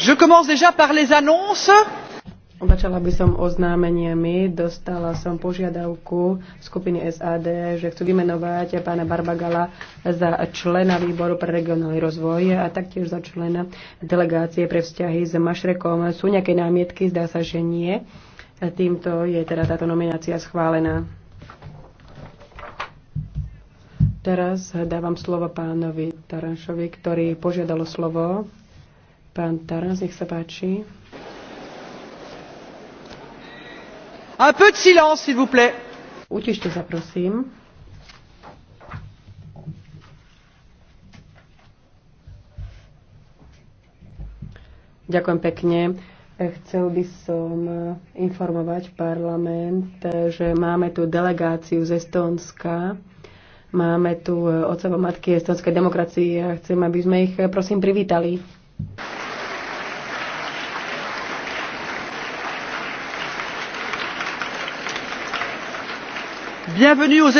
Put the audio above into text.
Je commence déjà par les annonces. Začala by som oznámeniami. Dostala som požiadavku skupiny SAD, že chcú vymenovať pána Barbagala za člena výboru pre regionálny rozvoj a taktiež za člena delegácie pre vzťahy s Mašrekom. Sú nejaké námietky? Zdá sa, že nie. Týmto je teda táto nominácia schválená. Teraz dávam slovo pánovi Taranšovi, ktorý požiadalo slovo. Pán Taranš, nech sa páči. Un peu de silence, s'il vous plaît. Utište sa, prosím. Ďakujem pekne. Chcel by som informovať parlament, že máme tu delegáciu z Estónska, Máme tu e, otcovo matky estonskej demokracie a chcem, aby sme ich e, prosím privítali. Bienvenue aux